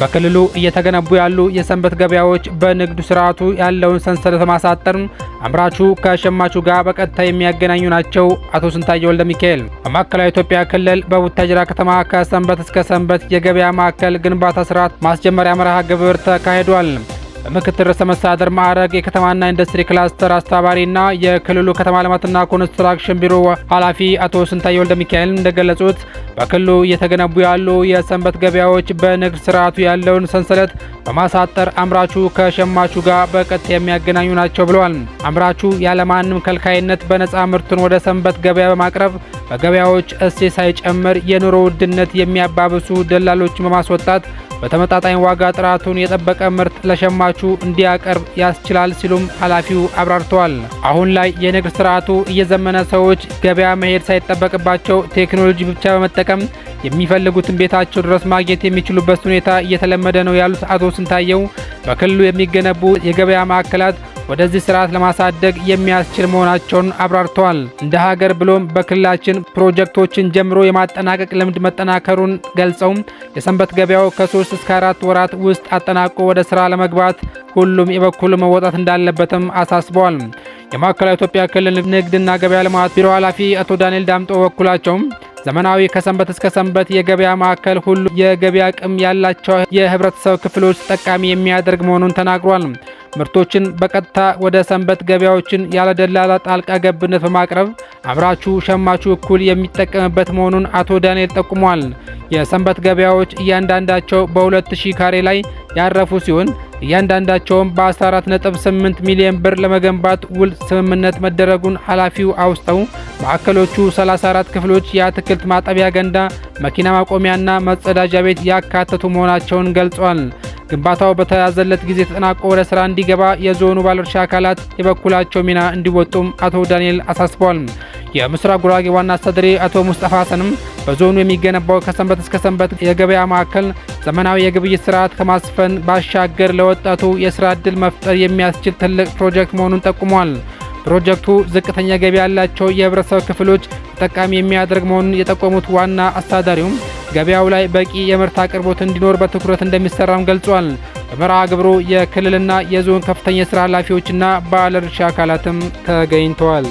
በክልሉ እየተገነቡ ያሉ የሰንበት ገበያዎች በንግድ ስርዓቱ ያለውን ሰንሰለት ማሳጠር አምራቹ ከሸማቹ ጋር በቀጥታ የሚያገናኙ ናቸው። አቶ ስንታየ ወልደ ሚካኤል በማዕከላዊ ኢትዮጵያ ክልል በቡታጅራ ከተማ ከሰንበት እስከ ሰንበት የገበያ ማዕከል ግንባታ ስርዓት ማስጀመሪያ መርሃ ግብር ተካሂዷል። በምክትል ርዕሰ መስተዳደር ማዕረግ የከተማና ኢንዱስትሪ ክላስተር አስተባባሪና የክልሉ ከተማ ልማትና ኮንስትራክሽን ቢሮ ኃላፊ አቶ ስንታየ ወልደ ሚካኤል እንደገለጹት በክልሉ እየተገነቡ ያሉ የሰንበት ገበያዎች በንግድ ስርዓቱ ያለውን ሰንሰለት በማሳጠር አምራቹ ከሸማቹ ጋር በቀጥታ የሚያገናኙ ናቸው ብለዋል። አምራቹ ያለማንም ከልካይነት በነፃ ምርቱን ወደ ሰንበት ገበያ በማቅረብ በገበያዎች እሴት ሳይጨምር የኑሮ ውድነት የሚያባብሱ ደላሎችን በማስወጣት በተመጣጣኝ ዋጋ ጥራቱን የጠበቀ ምርት ለሸማቹ እንዲያቀርብ ያስችላል ሲሉም ኃላፊው አብራርተዋል። አሁን ላይ የንግድ ስርዓቱ እየዘመነ ሰዎች ገበያ መሄድ ሳይጠበቅባቸው ቴክኖሎጂ ብቻ በመጠቀም የሚፈልጉትን ቤታቸው ድረስ ማግኘት የሚችሉበት ሁኔታ እየተለመደ ነው ያሉት አቶ ስንታየው በክልሉ የሚገነቡ የገበያ ማዕከላት ወደዚህ ስርዓት ለማሳደግ የሚያስችል መሆናቸውን አብራርተዋል። እንደ ሀገር ብሎም በክልላችን ፕሮጀክቶችን ጀምሮ የማጠናቀቅ ልምድ መጠናከሩን ገልጸውም የሰንበት ገበያው ከሶስት እስከ አራት ወራት ውስጥ አጠናቆ ወደ ስራ ለመግባት ሁሉም የበኩሉ መወጣት እንዳለበትም አሳስበዋል። የማዕከላዊ ኢትዮጵያ ክልል ንግድና ገበያ ልማት ቢሮ ኃላፊ አቶ ዳንኤል ዳምጦ በኩላቸውም ዘመናዊ ከሰንበት እስከ ሰንበት የገበያ ማዕከል ሁሉ የገበያ አቅም ያላቸው የህብረተሰብ ክፍሎች ተጠቃሚ የሚያደርግ መሆኑን ተናግሯል። ምርቶችን በቀጥታ ወደ ሰንበት ገበያዎችን ያለ ደላላ ጣልቃ ገብነት በማቅረብ አምራቹ ሸማቹ እኩል የሚጠቀምበት መሆኑን አቶ ዳንኤል ጠቁሟል። የሰንበት ገበያዎች እያንዳንዳቸው በ2000 ካሬ ላይ ያረፉ ሲሆን እያንዳንዳቸውም በ14.8 ሚሊዮን ብር ለመገንባት ውል ስምምነት መደረጉን ኃላፊው አውስተው ማዕከሎቹ 34 ክፍሎች የአትክልት ማጠቢያ ገንዳ፣ መኪና ማቆሚያና መጸዳጃ ቤት ያካተቱ መሆናቸውን ገልጿል። ግንባታው በተያዘለት ጊዜ ተጠናቆ ወደ ስራ እንዲገባ የዞኑ ባለድርሻ አካላት የበኩላቸው ሚና እንዲወጡም አቶ ዳንኤል አሳስበዋል። የምስራቅ ጉራጌ ዋና አስተዳዳሪ አቶ ሙስጠፋ ሀሰንም በዞኑ የሚገነባው ከሰንበት እስከ ሰንበት የገበያ ማዕከል ዘመናዊ የግብይት ስርዓት ከማስፈን ባሻገር ለወጣቱ የስራ ዕድል መፍጠር የሚያስችል ትልቅ ፕሮጀክት መሆኑን ጠቁሟል። ፕሮጀክቱ ዝቅተኛ ገቢ ያላቸው የህብረተሰብ ክፍሎች ተጠቃሚ የሚያደርግ መሆኑን የጠቆሙት ዋና አስተዳዳሪውም ገበያው ላይ በቂ የምርት አቅርቦት እንዲኖር በትኩረት እንደሚሰራም ገልጿል። በመርሃ ግብሩ የክልልና የዞን ከፍተኛ የስራ ኃላፊዎችና ባለድርሻ አካላትም ተገኝተዋል።